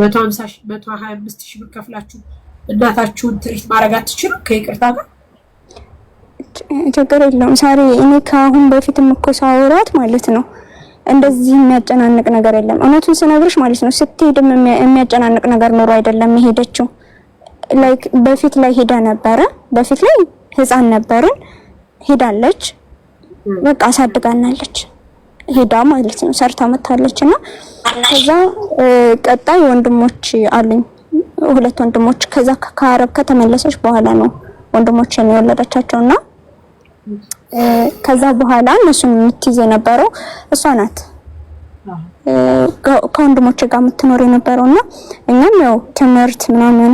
መቶ ሀምሳ ሺህ መቶ ሀያ አምስት ብር ከፍላችሁ እናታችሁን ትሪት ማድረግ አትችሉ? ከይቅርታ ጋር ችግር የለውም። ሳሪ እኔ ከአሁን በፊትም እኮ ማለት ነው እንደዚህ የሚያጨናንቅ ነገር የለም። እውነቱን ስነግርሽ ማለት ነው ስትሄድም የሚያጨናንቅ ነገር ኖሮ አይደለም የሄደችው። ላይክ በፊት ላይ ሄዳ ነበረ። በፊት ላይ ህፃን ነበርን ሄዳለች። በቃ አሳድጋናለች። ሄዳ ማለት ነው ሰርታ መታለች። እና ከዛ ቀጣይ ወንድሞች አሉኝ ሁለት ወንድሞች። ከዛ ከአረብ ከተመለሰች በኋላ ነው ወንድሞችን የወለደቻቸው እና ከዛ በኋላ እነሱን የምትይዝ የነበረው እሷ ናት ከወንድሞች ጋር የምትኖር የነበረው እና እኛም ያው ትምህርት ምናምን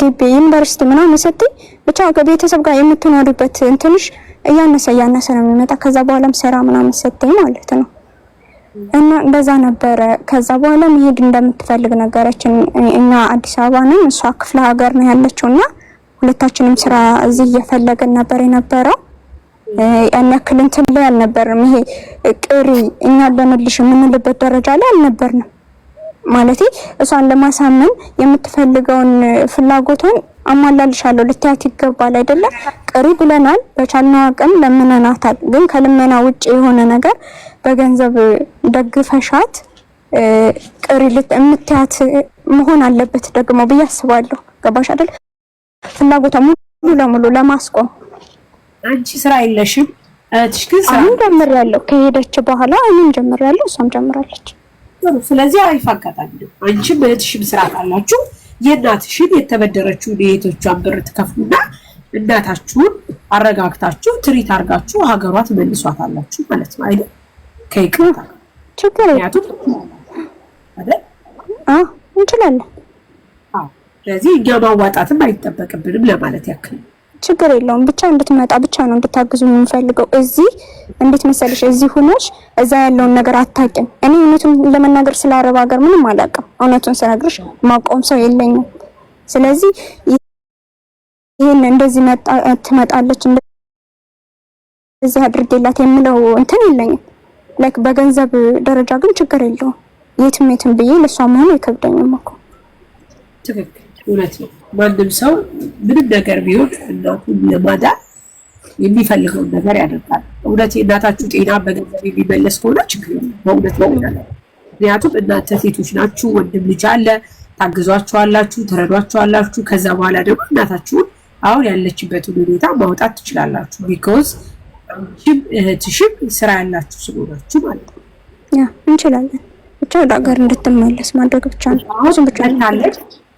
ግቢ ዩኒቨርሲቲ ምናምን ስትይ ብቻ ከቤተሰብ ጋር የምትኖርበት እንትንሽ እያነሰ እያነሰ ነው የሚመጣ። ከዛ በኋላም ስራ ምናምን ስትይ ማለት ነው እና እንደዛ ነበረ። ከዛ በኋላ መሄድ እንደምትፈልግ ነገረችን። እኛ አዲስ አበባ ነን፣ እሷ ክፍለ ሀገር ነው ያለችው እና ሁለታችንም ስራ እዚህ እየፈለግን ነበር የነበረው። ያን ያክል እንትን ላይ አልነበርም። ይሄ ቅሪ እኛ ለንልሽ የምንልበት ደረጃ ላይ አልነበርንም። ማለት እሷን ለማሳመን የምትፈልገውን ፍላጎቷን አሟላልሻለሁ ልትያት ይገባል አይደለም። ቅሪ ብለናል፣ በቻልነው አቅም ለምነናታል። ግን ከልመና ውጭ የሆነ ነገር በገንዘብ ደግፈሻት ቅሪ የምትያት መሆን አለበት ደግሞ ብዬ አስባለሁ። ገባሽ አይደል? ፍላጎቷ ሙሉ ለሙሉ ለማስቆም አንቺ ስራ የለሽም። እህትሽ ግን ስራ ጀምሬያለሁ። ከሄደች በኋላ እኔም ጀምሬያለሁ፣ እሷም ጀምራለች። ጥሩ። ስለዚህ አሪፍ አጋጣሚ ነው። አንቺም እህትሽም ስራ ካላችሁ የእናትሽን የተበደረችውን የእህቶቿን ብር ትከፍሉና እናታችሁን አረጋግታችሁ ትሪት አድርጋችሁ ሀገሯ ትመልሷት አላችሁ ማለት ነው አይደል? ከይቅ ችግር ምክንያቱም አይደል? እንችላለን። ስለዚህ እኛ ማዋጣትም አይጠበቅብንም ለማለት ያክል ችግር የለውም ብቻ እንድትመጣ ብቻ ነው እንድታግዙ የምንፈልገው። እዚህ እንዴት መሰለሽ፣ እዚህ ሆነሽ እዛ ያለውን ነገር አታውቂም። እኔ እውነቱን ለመናገር ስለ አረብ ሀገር ምንም አላውቅም። እውነቱን ስነግርሽ ማቆም ሰው የለኝም። ስለዚህ ይህን እንደዚህ ትመጣለች እንደዚህ አድርጌላት የምለው እንትን የለኝም። ላይክ በገንዘብ ደረጃ ግን ችግር የለውም። የትም የትም ብዬ ለእሷ መሆኑ አይከብደኝም እኮ እውነት ነው። ማንም ሰው ምንም ነገር ቢሆን እናቱን ለማዳን የሚፈልገውን ነገር ያደርጋል። እውነት የእናታችሁ ጤና በገንዘብ የሚመለስ ከሆነ ችግር በእውነት ነው። ምክንያቱም እናንተ ሴቶች ናችሁ፣ ወንድም ልጅ አለ፣ ታግዟችኋላችሁ፣ አላችሁ ከዛ በኋላ ደግሞ እናታችሁን አሁን ያለችበትን ሁኔታ ማውጣት ትችላላችሁ። ቢኮዝ አንቺም እህትሽም ስራ ያላችሁ ስለሆናችሁ ማለት ነው። እንችላለን። ብቻ ወደ ሀገር እንድትመለስ ማድረግ ብቻ ነው። ብቻ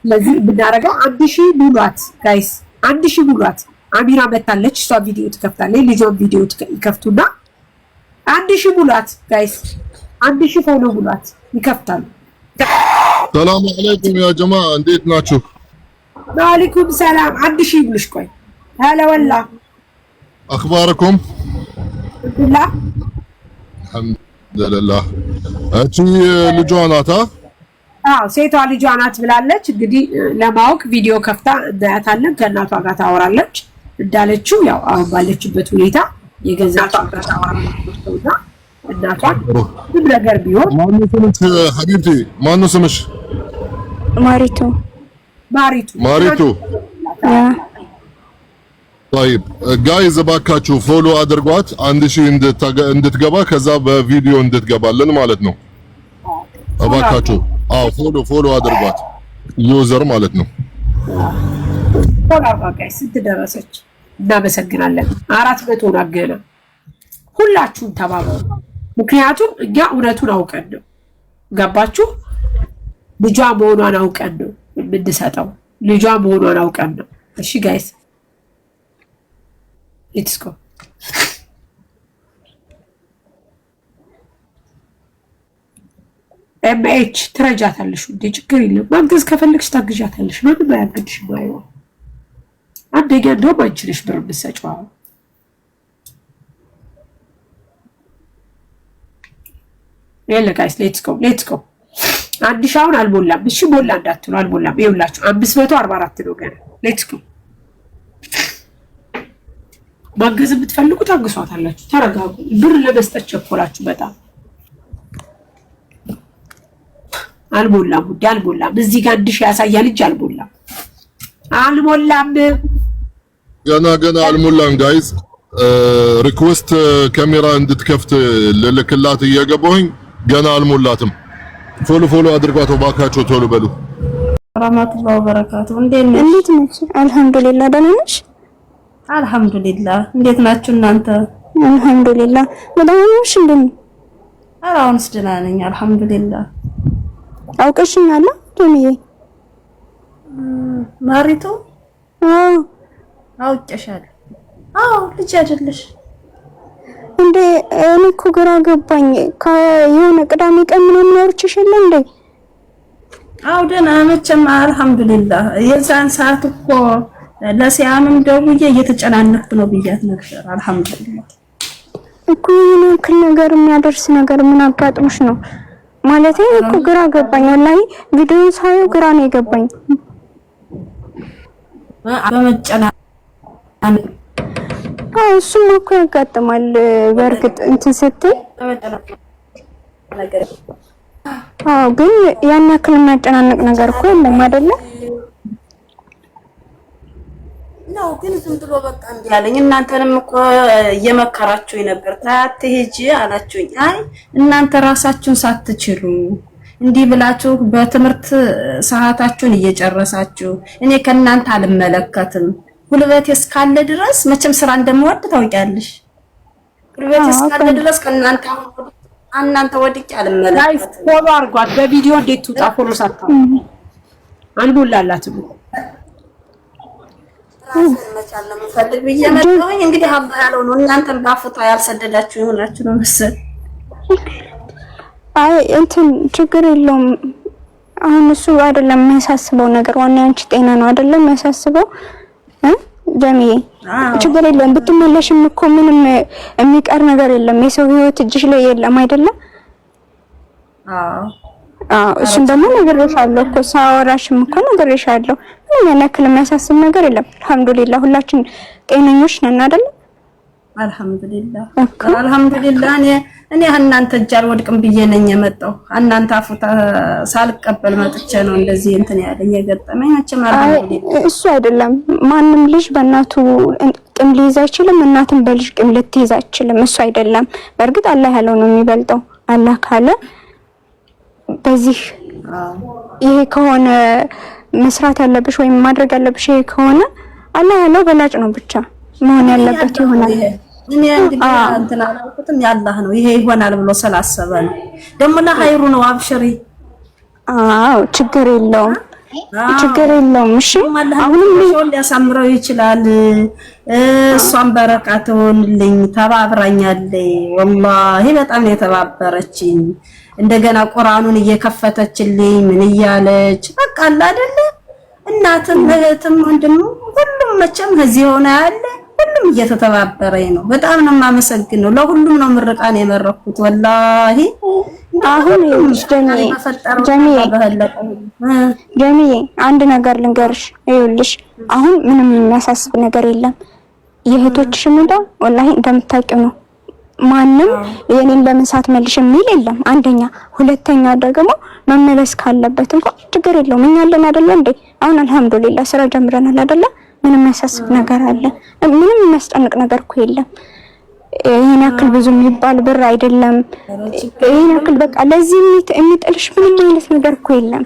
ስለዚህ ብናረገው አንድ ሺህ ሙሏት ጋይስ፣ አንድ ሺህ ሙሏት። አሚራ መታለች፣ እሷ ቪዲዮ ትከፍታለች፣ ልጇን ቪዲዮ ይከፍቱና አንድ ሺህ ሙሏት ጋይስ፣ አንድ ሺህ ፎሎ ሙሏት፣ ይከፍታሉ። ሰላም አለይኩም ያ ጀማ፣ እንዴት ናችሁ? ወአለይኩም ሰላም። አንድ ሺህ ይብልሽ። ቆይ ሀላ ወላ አክባርኩም ላ አልሐምዱሊላህ። እቺ ልጇ ናታ አዎ ሴቷ ልጇ ናት ብላለች። እንግዲህ ለማወቅ ቪዲዮ ከፍታ እናያታለን። ከእናቷ ጋር ታወራለች እንዳለችው ያው አሁን ባለችበት ሁኔታ የገዛቷ ነገር ቢሆን ሀቢብቲ ማነው ስምሽ? ማሪቱ ማሪቱ ማሪቱ طيب ጋይዝ እባካችሁ ፎሎ አድርጓት አንድ ሺህ እንድትገባ ከዛ በቪዲዮ እንድትገባለን ማለት ነው እባካችሁ አዎ ፎሎ ፎሎ አድርጓት ዩዘር ማለት ነው። ፎሎ አባቃይ ስንት ደረሰች? እናመሰግናለን። አራት መቶ ናገና ሁላችሁም ተባበሩ። ምክንያቱም እኛ እውነቱን አውቀን ነው ገባችሁ? ልጇ መሆኗን አውቀን ነው የምንሰጠው። ልጇ መሆኗን አውቀን ነው። እሺ ጋይስ ሌትስ ጎ በኤች ትረጃታለሽ ውዴ፣ ችግር የለም። ማገዝ ከፈለግሽ ታግዣታለሽ። ምንም አያግድሽ ማየ አንደኛ እንደውም አንቺ ነሽ ብር የምትሰጪው። አሁን ጋይስ ሌትስ ጎ ሌትስ ጎ። አንድ ሺህ አሁን አልሞላም። እሺ ሞላ እንዳትሉ አልሞላም። ይኸውላችሁ አምስት መቶ አርባ አራት ነው ገና። ሌትስ ጎ ማገዝ የምትፈልጉ ታግሷታላችሁ። ተረጋጉ። ብር ለመስጠት ቸኮላችሁ በጣም አልሞላም፣ ውዴ አልሞላም። እዚህ ጋር አንድ ሺህ ያሳያል እንጂ አልሞላም፣ አልሞላም። ገና ገና አልሞላም። ጋይዝ ሪኩዌስት ካሜራ እንድትከፍት ልልክላት እየገባሁኝ ገና አልሞላትም። ፎሎ ፎሎ አድርጓት ባካችሁ፣ ቶሎ በሉ። ረመቱላሁ በረካቱ። እንዴት ነሽ? እንዴት ነሽ? አልሐምዱሊላህ። ደህና ነሽ? አልሐምዱሊላህ። እንዴት ናችሁ እናንተ? አልሐምዱሊላህ። በጣም ነሽ? እንዴት? ኧረ አሁንስ ደህና ነኝ አልሐምዱሊላህ። አውቀሽኛል ቶሚዬ? ማሪቱ አዎ፣ አዎ ልጅ አይደለሽ እንዴ? እኔ እኮ ግራ ገባኝ። የሆነ ቅዳሜ ቀን ምናምን አውርቼሽ የለ እንዴ? አዎ ደህና መቼም፣ አልሐምዱሊላህ። የዛን ሰዓት እኮ ለሲያምም ደውዬ እየተጨናነፍኩ ነው ብያት ነበር። አልሐምዱሊላህ እኮ የሆነ ክል ነገር የሚያደርስ ነገር ምን አጋጥሞሽ ነው? ማለት እኮ ግራ ገባኝ። ወላሂ ቪዲዮ ሳየው ግራ ነው የገባኝ። እሱም እኮ ያጋጥማል። በእርግጥ እንትን ስትይ አዎ፣ ግን ያን ያክል የሚያጨናንቅ ነገር እኮ የለም አይደለም። ነው ግን ዝም ብሎ በቃ እምቢ አለኝ። እናንተንም እኮ እየመከራችሁ ነበር ታትሄጂ አላችሁኝ። አይ እናንተ ራሳችሁን ሳትችሉ እንዲህ ብላችሁ በትምህርት ሰዓታችሁን እየጨረሳችሁ እኔ ከእናንተ አልመለከትም። ጉልበቴ እስካለ ድረስ መቼም ስራ እንደምወድ ታውቂያለሽ። ጉልበቴ እስካለ ድረስ ከእናንተ እናንተ ወድቄ አልመለከትም። ፎሎ አድርጓት በቪዲዮ እንዴት ትውጣ ፎሎ ሳታ አንዱ ላላት እናንተን ባፉታ ያልሰደዳችሁ የሆናችሁ ነው አይ እንትን ችግር የለውም። አሁን እሱ አይደለም የሚያሳስበው ነገር፣ ዋና አንቺ ጤና ነው አይደለም የሚያሳስበው። ጀሚዬ ችግር የለውም ብትመለሽም እኮ ምንም የሚቀር ነገር የለም። የሰው ህይወት እጅሽ ላይ የለም አይደለም። አዎ እሱን ደግሞ ነግሬሻለሁ እኮ ሳወራሽም እኮ ነግሬሻለሁ። ምንም ያን ያክል የሚያሳስብ ነገር የለም። አልሐምዱሊላህ ሁላችን ጤነኞች ነን አይደል? አልሐምዱሊላህ አልሐምዱሊላህ። እኔ እኔ እናንተ እጅ አልወድቅም ብዬ ነኝ የመጣው እናንተ አፉታ ሳልቀበል መጥቼ ነው እንደዚህ እንትን ያለኝ የገጠመኝ። መቼም እሱ አይደለም። ማንም ልጅ በእናቱ ቂም ሊይዝ አይችልም፣ እናትም በልጅ ቂም ልትይዝ አይችልም። እሱ አይደለም። በእርግጥ አላህ ያለው ነው የሚበልጠው። አላህ ካለ በዚህ ይሄ ከሆነ መስራት ያለብሽ ወይም ማድረግ ያለብሽ ይሄ ከሆነ አላህ ያለው በላጭ ነው ብቻ መሆን ያለበት ይሆናል። እኔ እንግዲህ እንትን አላልኩትም ያላህ ነው ይሄ ይሆናል ብሎ ስላሰበ ነው። ደግሞ ለሀይሩ ነው አብሽሪ። አዎ ችግር የለውም። ችግር የለውም። እሺ አሁንም ሊያሳምረው ይችላል። እሷን በረካ ትሆንልኝ። ተባብራኛለይ ወላሂ በጣም ነው የተባበረችኝ። እንደገና ቁርአኑን እየከፈተችልኝ ምን እያለች በቃ አለ አይደለ እናትም እህትም ወንድም ሁሉም መቼም እዚህ ሆነ ያለ ሁሉም እየተተባበረኝ ነው። በጣም ነው የማመሰግነው። ለሁሉም ነው ምርቃን የመረኩት። ወላሂ አሁን ጀሚዬ አንድ ነገር ልንገርሽ፣ ይኸውልሽ አሁን ምንም የሚያሳስብ ነገር የለም። የእህቶችሽ ሙዳ ወላሂ እንደምታውቂው ነው። ማንም የኔን ለምን ሳትመልሽ የሚል የለም። አንደኛ፣ ሁለተኛ ደግሞ መመለስ ካለበት እንኳን ችግር የለውም። እኛ አለን አይደለ እንዴ? አሁን አልሐምዱሊላህ ስራ ጀምረናል አይደለም ምንም የሚያሳስብ ነገር አለ? ምንም የሚያስጨንቅ ነገር እኮ የለም። ይህን ያክል ብዙ የሚባል ብር አይደለም። ይህን ያክል በቃ ለዚህ የሚጥልሽ ምንም አይነት ነገር እኮ የለም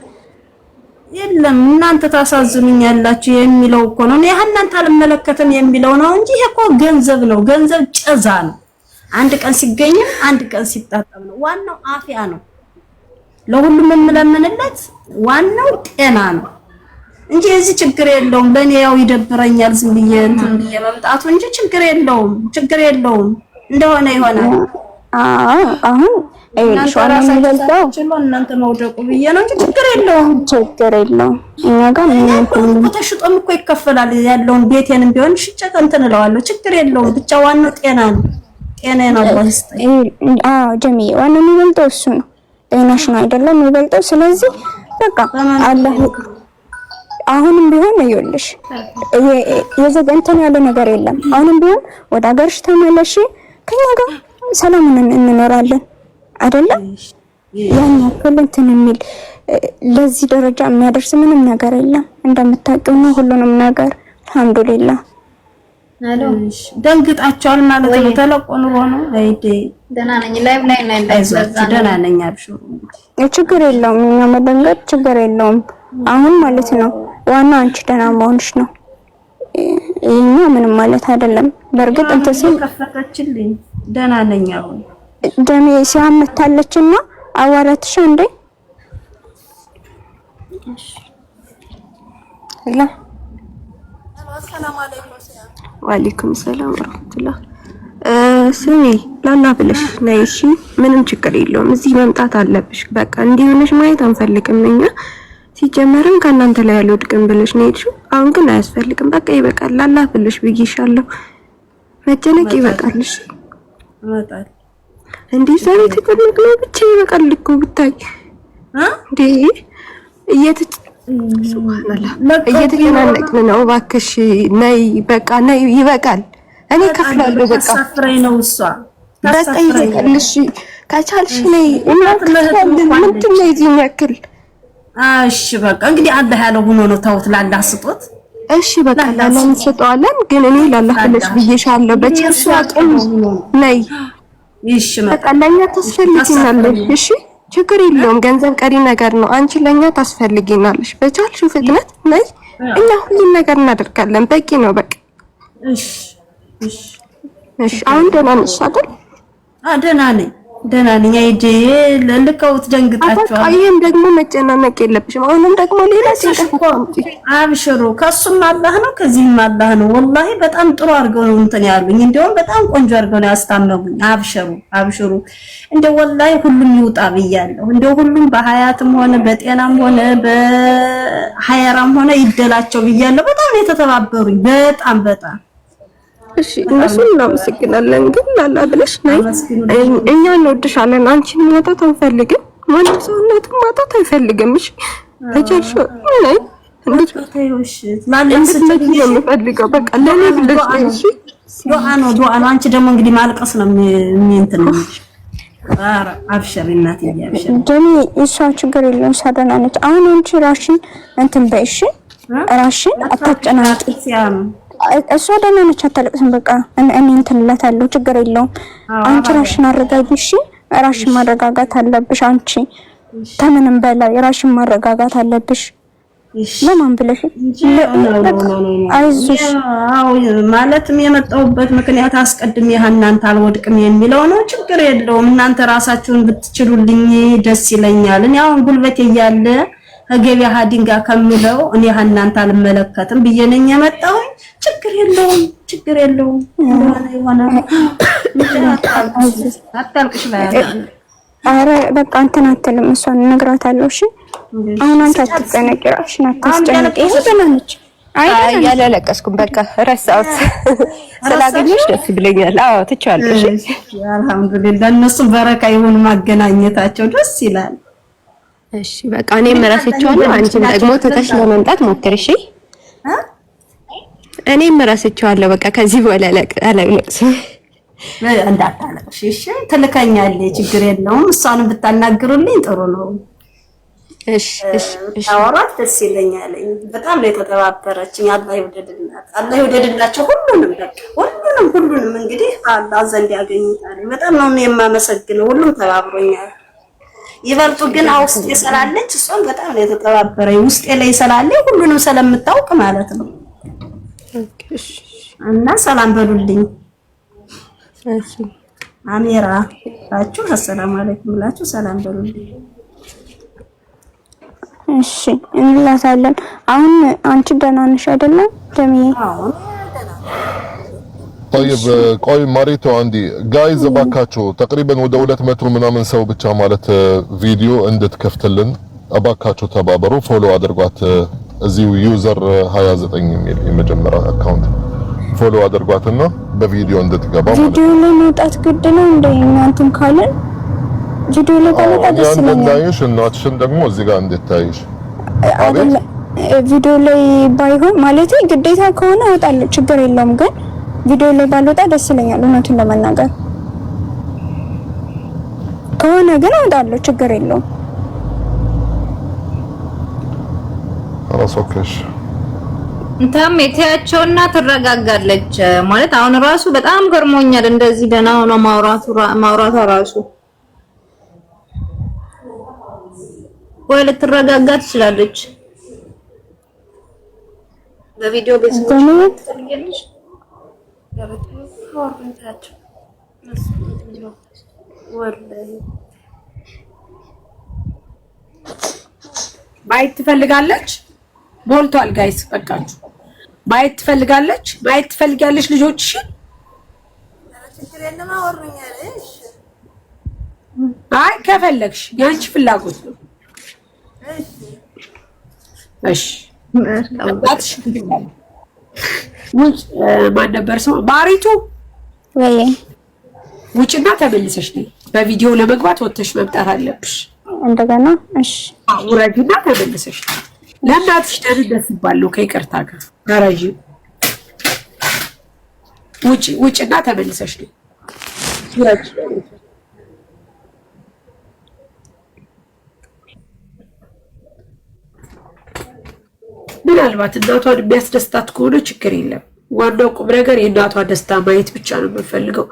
የለም እናንተ ታሳዝኑኝ ያላችሁ የሚለው እኮ ነው። ይሄ እናንተ አልመለከትም የሚለው ነው እንጂ ይሄ እኮ ገንዘብ ነው። ገንዘብ ጨዛ ነው። አንድ ቀን ሲገኝም አንድ ቀን ሲጣጣም ነው። ዋናው አፍያ ነው። ለሁሉም የምለምንለት ዋናው ጤና ነው። እንጂ እዚህ ችግር የለውም። ለእኔ ያው ይደብረኛል ዝም ብዬ እንትን ብዬ መምጣቱ እንጂ ችግር የለውም፣ ችግር የለውም እንደሆነ ይሆናል። አሁን እናንተ መውደቁ ብዬ ነው እንጂ ችግር የለውም፣ ችግር የለውም። እኛ ጋር ተሽጦም እኮ ይከፈላል ያለውን ቤቴንም ቢሆን ሽጬ እንትን እለዋለሁ። ችግር የለውም። ብቻ ዋናው ጤና ነው። ጤና ነው ጀሚዬ፣ ዋናው የሚበልጠው እሱ ነው። ጤናሽ ነው አይደለም የሚበልጠው። ስለዚህ በቃ አላህ አሁንም ቢሆን ይኸውልሽ የዘገ እንትን ያለ ነገር የለም። አሁንም ቢሆን ወደ ሀገርሽ ተመለሽ፣ ከኛ ጋር ሰላም እንኖራለን አይደለም። ያን ያክል እንትን የሚል ለዚህ ደረጃ የሚያደርስ ምንም ነገር የለም። እንደምታውቂው ነው ሁሉንም ነገር አልሐምዱሊላህ። ደንግጣቸዋል ማለት ነው። ተለቆ ኑሮ ነው። ደህና ነኝ ላይ ላይ ላይ ደህና ነኝ። ችግር የለውም። እኛ መደንገጥ ችግር የለውም። አሁን ማለት ነው ዋናው አንቺ ደህና መሆንሽ ነው። ይሄኛ ምንም ማለት አይደለም። በእርግጥ እንትን ስል ደህና ነኝ። አሁን ደሜ ሲያመታለችና አዋራትሽ እንዴ ላ ዋሌኩም ሰላም ወራህመቱላህ። ስሚ ላላ ብለሽ ነይ እሺ፣ ምንም ችግር የለውም። እዚህ መምጣት አለብሽ። በቃ እንዲሆነሽ ማየት አንፈልግም እኛ ሲጀመርም ከእናንተ ላይ ያለው ድቅም ብለሽ ነው የሄድሽው። አሁን ግን አያስፈልግም፣ በቃ ይበቃል። ላላ ብልሽ ብዬሻለሁ። መጨነቅ ይበቃልሽ። እንዲህ ዛሬ ተጨነቅ ነው ብቻ ይበቃል እኮ ብታይ እንዴ እየት እየተጨናነቅን ነው። እባክሽ ነይ፣ በቃ ነይ፣ ይበቃል። እኔ ከፍላለሁ። በቃ ነው እሷ በቃ ይበቃልሽ። ከቻልሽ ነይ። ምንድን ነው የዚህን ያክል እሺ በቃ እንግዲህ አላህ ያለው ሆኖ ነው። ተውት ላላህ ስጦት። እሺ በቃ ላላህ እንሰጠዋለን። ግን እኔ ላላህ ልጅ ብዬሻለሁ። በጭርሱ አቅም ነይ። እሺ በቃ ለኛ ታስፈልጊናለሽ። እሺ ችግር የለውም። ገንዘብ ቀሪ ነገር ነው። አንቺ ለኛ ታስፈልጊናለሽ። በቻልሽው ፍጥነት ነይ። እኛ ሁሉን ነገር እናደርጋለን። በቂ ነው። በቃ እሺ እሺ። አሁን ደህና ነሽ አይደል? ደህና ነኝ። ደህና ነኝ። አይጄ ለልከውት ደንግጣቸዋል። ይሄም ደግሞ መጨናነቅ የለብሽም። አሁንም ደግሞ ሌላ አብሽሩ። ከሱም አላህ ነው ከዚህም አላህ ነው። ወላሂ በጣም ጥሩ አድርገው ነው እንትን ያሉኝ። እንደውም በጣም ቆንጆ አድርገው ነው ያስታመሙኝ። አብሽሩ አብሽሩ። እንደ ወላሂ ሁሉም ይውጣ ብያለሁ። እንደ ሁሉም በሀያትም ሆነ በጤናም ሆነ በሀያራም ሆነ ይደላቸው ብያለሁ። በጣም ነው የተተባበሩኝ። በጣም በጣም እሺ እነሱን እናመሰግናለን። ግን ላላ ብለሽ ናይ እኛ እንወድሻለን። አንቺን ማጣት አንፈልግም። ማንም ሰውነትን ማጣት አይፈልግም። እሺ እሺ። አንቺ ደግሞ እንግዲህ ማልቀስ ነው እንትን ነው። አብሽር እናቴ አብሽር። እሷ ችግር የለውም እሷ ደህና ነች። አሁን አንቺ ራሽን እንትን በይሽ፣ ራሽን እሷ ደህና ነች፣ አታለቅስም። በቃ እኔ እንትን እላታለሁ፣ ችግር የለውም። አንቺ ራሽን አረጋጊ፣ እሺ? ራሽን ማረጋጋት አለብሽ አንቺ፣ ከምንም በላይ ራሽን ማረጋጋት አለብሽ። ለማን ብለሽ አይዞሽ። አዎ ማለትም የመጣሁበት ምክንያት አስቀድሜ እናንተ አልወድቅም የሚለው ነው። ችግር የለውም። እናንተ ራሳችሁን ብትችሉልኝ ደስ ይለኛል። እኔ አሁን ጉልበቴ እያለ ከገበያ ሀዲን ጋር ከምለው እኔ እናንተ አልመለከትም ብዬ ነኝ የመጣሁኝ። ችግር የለውም፣ ችግር የለውም። የሆነ አታልቅሽ አረ በቃ እንትን አትልም። እሷን እነግራታለሁ። እሺ አሁን አንተ አትጨነቂ፣ እራስሽን አታስጨነቂ። አይ ያላለቀስኩም፣ በቃ ረሳሁት። ስላገኘሽ ደስ ብለኛል። አዎ ትቻለሁ። እሺ አልሐምዱሊላህ። እነሱም በረካ ይሁን ማገናኘታቸው ደስ ይላል። እሺ በቃ እኔም እረሳቸዋለሁ። አንቺም ደግሞ ትተሽ ለመምጣት ሞክሪ እሺ እኔም እረስቸዋለሁ። በቃ ከዚህ በኋላ አላለቅስ እንዳታለቅሽ እሺ። ትልከኛለች፣ ችግር የለውም። እሷንም ብታናግሩልኝ ጥሩ ነው። እሺ ደስ ይለኛል። በጣም ነው የተጠባበረችኝ። አላህ ይውደድላት፣ አላህ ይውደድላቸው ሁሉንም፣ በቃ ሁሉንም ሁሉንም እንግዲህ አላህ ዘንድ ያገኝታል። በጣም ነው የማመሰግነው። ሁሉም ተባብሮኛል። ይበርጡ ግን ውስጤ ስላለች እሷን በጣም ነው የተጠባበረኝ። ውስጤ ላይ ስላለኝ ሁሉንም ስለምታውቅ ማለት ነው እና ሰላም በሉልኝ። አሜራ ላችሁ አሰላሙ አለይኩም ብላችሁ ሰላም በሉልኝ። እሺ እንላታለን። አሁን አንቺ ደህና ነሽ አይደለም? ደምዬ طيب ቆይ ማሪቶ አንዲ ጋይዝ እባካችሁ ተቅሪበን ወደ ሁለት መቶ ምናምን ሰው ብቻ ማለት ቪዲዮ እንድትከፍትልን እባካችሁ ተባበሩ። ፎሎ አድርጓት እዚሁ ዩዘር 29 የሚል የመጀመሪያ አካውንት ፎሎ አድርጓትና በቪዲዮ እንድትገባ ማለት ነው። ቪዲዮ ላይ መውጣት ግድ ነው እንደ እናንተም ካለን ቪዲዮ ላይ ባለታ ደስ ነው ያንተን እናትሽን ደግሞ እዚህ ጋር እንድታይሽ ቪዲዮ ላይ ባይሆን ማለት ግዴታ ከሆነ እወጣለሁ፣ ችግር የለውም። ግን ቪዲዮ ላይ ባልወጣ ደስ ይለኛል፣ እውነቱን ለመናገር ከሆነ ግን እወጣለሁ፣ ችግር የለውም። አስወካሽ እንታም የትያቸውና ትረጋጋለች ማለት አሁን ራሱ በጣም ገርሞኛል። እንደዚህ ደህና ሆኖ ማውራቱ ማውራቷ ራሱ ወይ ልትረጋጋ ትችላለች። በቪዲዮ ባይ ትፈልጋለች ቦልቷል። ጋይስ በቃችሁ። ማየት ትፈልጋለች፣ ማየት ትፈልጋለች። ልጆች እሺ አይ ከፈለግሽ የአንቺ ፍላጎት ነው። እሺ አባትሽ ውጭ ማን ነበር ስሟ? ባሪቱ ወይ ውጭና ተመልሰሽ ነይ። በቪዲዮ ለመግባት ወጥተሽ መምጣት አለብሽ። እንደገና እሺ ውረጂና ተመልሰሽ ነይ። ለእናትሽ ደህንነት ይባለሁ ከይቅርታ ጋር አረዥ ውጭ ውጭና ተመልሰሽ ነው። ምናልባት እናቷን የሚያስደስታት ከሆነ ችግር የለም። ዋናው ቁም ነገር የእናቷ ደስታ ማየት ብቻ ነው የምፈልገው።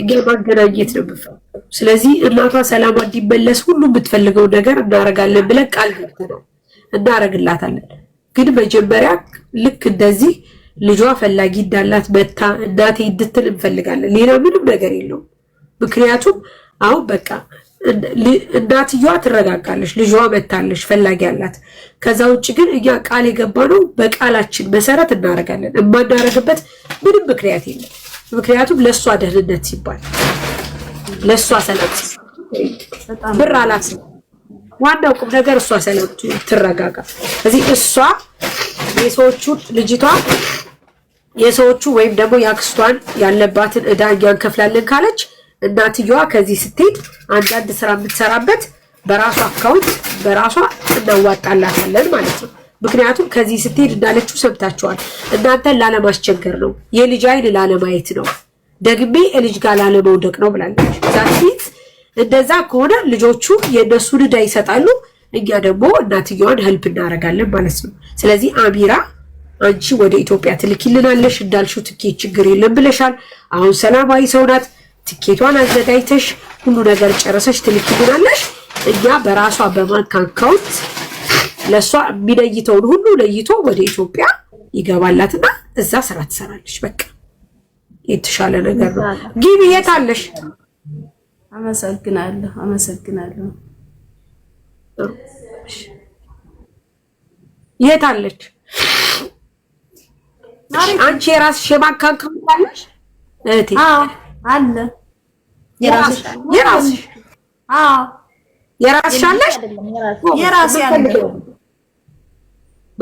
እኛ ማገናኘት ነው የምፈልገው። ስለዚህ እናቷ ሰላም እንዲመለስ ሁሉ የምትፈልገው ነገር እናደርጋለን ብለን ቃል ገብተናል። እናረግላታለን። ግን መጀመሪያ ልክ እንደዚህ ልጇ ፈላጊ እንዳላት በታ እናቴ እንድትል እንፈልጋለን። ሌላ ምንም ነገር የለውም። ምክንያቱም አሁን በቃ እናትየዋ ትረጋጋለች፣ ልጇ መታለች፣ ፈላጊ አላት። ከዛ ውጭ ግን እኛ ቃል የገባነው በቃላችን መሰረት እናደርጋለን። የማናረግበት ምንም ምክንያት የለም። ምክንያቱም ለእሷ ደህንነት ሲባል ለእሷ ሰላም ሲባል ብር አላት ዋናው ቁም ነገር እሷ ሰለቱ ትረጋጋ። እዚህ እሷ የሰዎቹ ልጅቷ የሰዎቹ ወይም ደግሞ የአክስቷን ያለባትን እዳ እኛ እንከፍላለን ካለች እናትየዋ ከዚህ ስትሄድ አንዳንድ ስራ የምትሰራበት በራሷ አካውንት በራሷ እናዋጣላታለን ማለት ነው። ምክንያቱም ከዚህ ስትሄድ እንዳለችው ሰምታችኋል። እናንተን ላለማስቸገር ነው፣ የልጅ አይን ላለማየት ነው፣ ደግሜ ልጅ ጋር ላለመውደቅ ነው ብላለች። እንደዛ ከሆነ ልጆቹ የእነሱ ንዳ ይሰጣሉ፣ እኛ ደግሞ እናትየዋን ህልፕ እናደርጋለን ማለት ነው። ስለዚህ አሚራ አንቺ ወደ ኢትዮጵያ ትልኪልናለሽ እንዳልሽው ትኬት ችግር የለም ብለሻል። አሁን ሰላማዊ ሰው ናት። ትኬቷን አዘጋጅተሽ ሁሉ ነገር ጨረሰሽ ትልኪልናለሽ። እኛ በራሷ በባንክ አካውንት ለእሷ የሚለይተውን ሁሉ ለይቶ ወደ ኢትዮጵያ ይገባላትና እዛ ስራ ትሰራለች። በቃ የተሻለ ነገር ነው። ጊቢ የት አለሽ? አመሰግናለሁ። አመሰግናለሁ። የት አለች? አንቺ የራስሽ የባንክ አካውንት አለሽ? እህቴ አለ። የራስሽ የራስሽ? አዎ የራስሽ አለሽ? የራሴ አለ።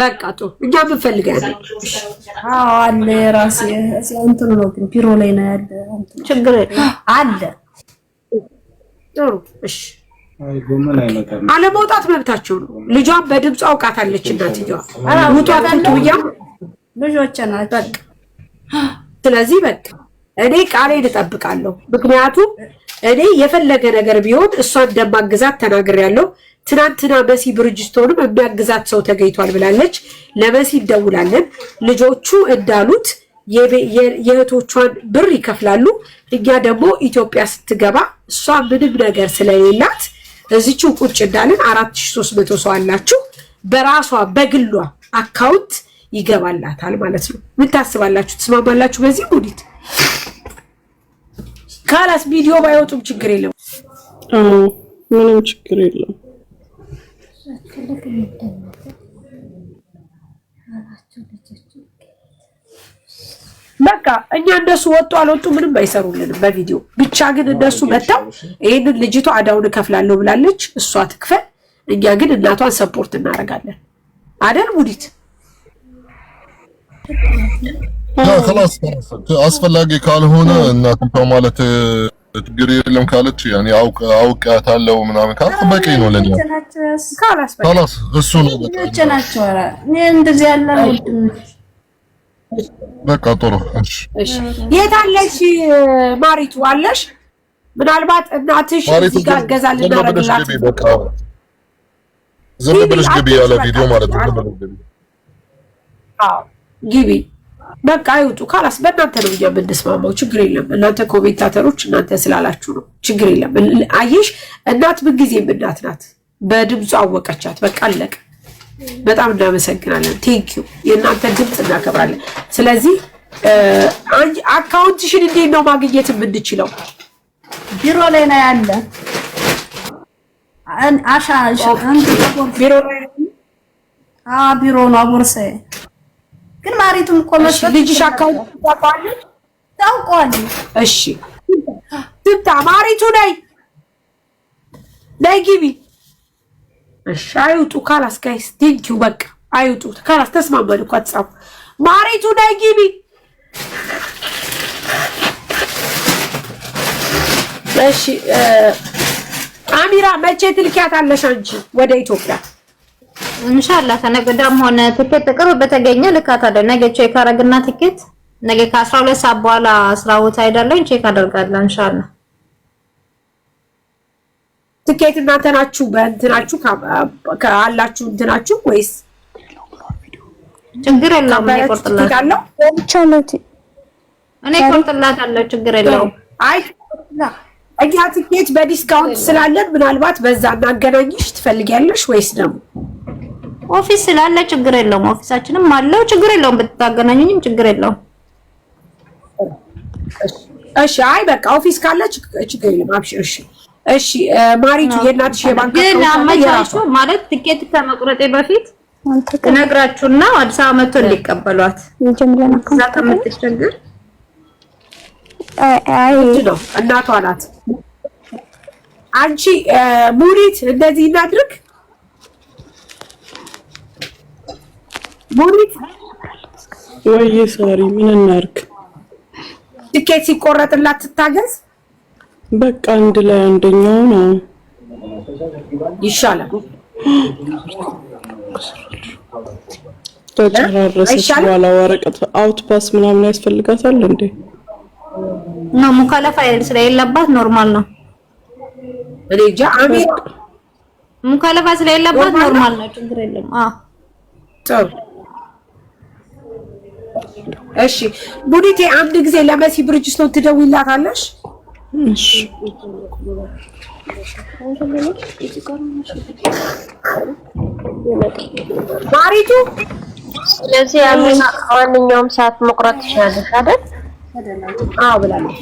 በቃ ጥሩ። እኛ እንፈልጋለን። አዎ አለ። የራሴ እንትን ነው፣ ግን ቢሮ ላይ ነው ያለ። ችግር አለ ጥሩ እሺ። አለመውጣት መብታቸው ነው። ልጇን በድምፅ አውቃታለች እናትየዋ። ውጧት ትውያ ልጆች ናት። ስለዚህ በቃ እኔ ቃሌ እጠብቃለሁ። ምክንያቱም እኔ የፈለገ ነገር ቢሆን እሷ እንደማግዛት ተናግሬያለሁ። ትናንትና መሲ ብርጅስቶንም የሚያግዛት ሰው ተገኝቷል ብላለች። ለመሲ እንደውላለን ልጆቹ እንዳሉት የእህቶቿን ብር ይከፍላሉ። እኛ ደግሞ ኢትዮጵያ ስትገባ እሷ ምንም ነገር ስለሌላት እዚችው ቁጭ እንዳልን አራት ሺ ሶስት መቶ ሰው አላችሁ በራሷ በግሏ አካውንት ይገባላታል ማለት ነው። ምን ታስባላችሁ? ትስማማላችሁ? በዚህ ሙዲት ካላስ ቪዲዮ ባይወጡም ችግር የለም፣ ምንም ችግር የለም። በቃ እኛ እነሱ ወጡ አልወጡ ምንም አይሰሩልንም በቪዲዮ ብቻ። ግን እነሱ መጥተው ይህንን ልጅቷ አዳውን እከፍላለሁ ብላለች፣ እሷ ትክፈል፣ እኛ ግን እናቷን ሰፖርት እናደርጋለን። አደል ሙዲት አስፈላጊ ካልሆነ እናትምታ ማለት ችግር የለም ካለች አውቃታለሁ ምናምን ካለ በቂ ነው ለኔ። ካላስ እሱ ነው በቃ። እንደዚህ ያለ በቃ ጥሩ። እሺ የት አለሽ ማሪቱ? አለሽ? ምናልባት እናትሽ እዚህ ጋር እገዛ ልናደርግላት ዝም ብለሽ ግቢ ያለ ቪዲዮ ማለት ነው። ግቢ። በቃ ይውጡ። ካላስ በእናንተ ነው እኛ የምንስማማው። ችግር የለም። እናንተ ኮሜንታተሮች እናንተ ስላላችሁ ነው። ችግር የለም። አየሽ፣ እናት ምን ጊዜ እናት ናት። በድምፁ አወቀቻት። በቃ አለቀ። በጣም እናመሰግናለን። ቴንኪዩ የእናንተ ድምፅ እናከብራለን። ስለዚህ አካውንትሽን እንዴት ነው ማግኘት የምንችለው? ቢሮ ላይ ነው ያለ። ቢሮ ነው ቦርሳ። ግን ማሪቱም እኮ ልጅሽ አካውንት ታውቋል። እሺ ትምጣ ማሪቱ። ነይ ነይ ግቢ እሺ አይውጡ ካላስ ጋይስ ቴንክ ዩ በቃ አይውጡ ካላስ ተስማማን እኮ አትጻፉ ማሪቱ ነይ ግቢ እሺ አሚራ መቼ አለሽ አንቺ ወደ ኢትዮጵያ ኢንሻአላህ ተነገዳም ሆነ ትኬት ቅርብ በተገኘ ልካታለሁ ነገ ቼክ አደርግና ትኬት ነገ ከአስራ ሁለት ሰዓት በኋላ ስራ ቦታ ሄዳለሁ ቼክ አደርጋለሁ ኢንሻአላህ ትኬት እናንተ ናችሁ በእንትናችሁ አላችሁ እንትናችሁ ወይስ ችግር የለውም። እኔ እኔ ቆርጥላታለሁ። ችግር የለውም። አይ እኛ ትኬት በዲስካውንት ስላለን ምናልባት በዛ እናገናኝሽ ትፈልጊያለሽ ወይስ ደግሞ ኦፊስ ስላለ ችግር የለውም። ኦፊሳችንም አለው ችግር የለውም። ብታገናኙኝም ችግር የለውም። እሺ። አይ በቃ ኦፊስ ካለ ችግር የለም። አብሽር። እሺ እሺ ማሪቱ የእናትሽ የባንክ አካውንት ማለት ትኬት ከመቁረጤ በፊት ነግራችሁና አዲስ አበባ መጥቶ እንዲቀበሏት እንጀምረን እዛ ከምትቸገር አይ ነው እናቷ ናት። አንቺ ሙሪት እንደዚህ እናድርግ ሙሪት ወይ ሳሪ ምን እናድርግ ትኬት ሲቆረጥላት ትታገዝ በቃ አንድ ላይ አንደኛው ነው ይሻላል። ከጨራረሰች በኋላ ወረቀት አውት ፓስ ምናምን ያስፈልጋታል እንዴ? ነው ሙካለፋ ስለሌለባት ኖርማል ነው። ልጅ አሚ ሙካለፋ ስለሌለባት ኖርማል ነው። ችግር የለም። አዎ ጥሩ እሺ። ቡዲቴ አንድ ጊዜ ለመሲ ብርጅስ ነው ትደውይላታለሽ። ማሪቱ ስለዚህ ያሉና ማንኛውም ሰዓት መቁረጥ ትችላለሽ አይደል? አዎ ብላለች።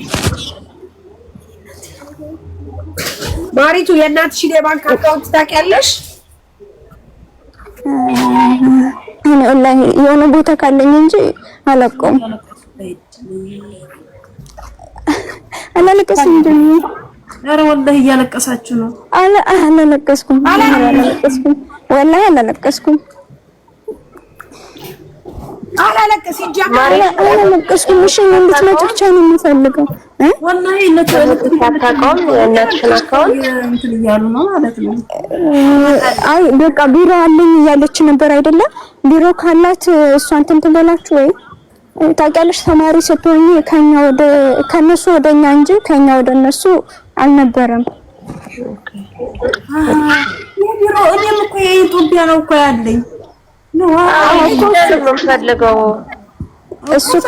ማሪቱ የእናትሽን የባንክ አካውንት ታውቂያለሽ? እኔ ኦንላይን የሆነ ቦታ ካለኝ እንጂ አላውቀውም። አላለቀስኩም። ደግሞ ኧረ ወላሂ እያለቀሳችሁ ነው። አላለቀስኩም፣ አላለቀስኩም፣ ወላሂ አላለቀስኩም። አላለቀስኩም። እሺ እንድትመጪ ብቻ ነው የምፈልገው። ማለት ነው። አይ በቃ ቢሮ አለኝ እያለች ነበር አይደለም? ቢሮ ካላት እሷ እንትን ትበላችሁ ወይ ታውቂያለሽ ተማሪ ስትሆኚ ከኛ ወደ ከነሱ ወደ እኛ እንጂ ከኛ ወደ እነሱ አልነበረም። እኔም እኮ የኢትዮጵያ ነው እኮ ያለኝ እሱ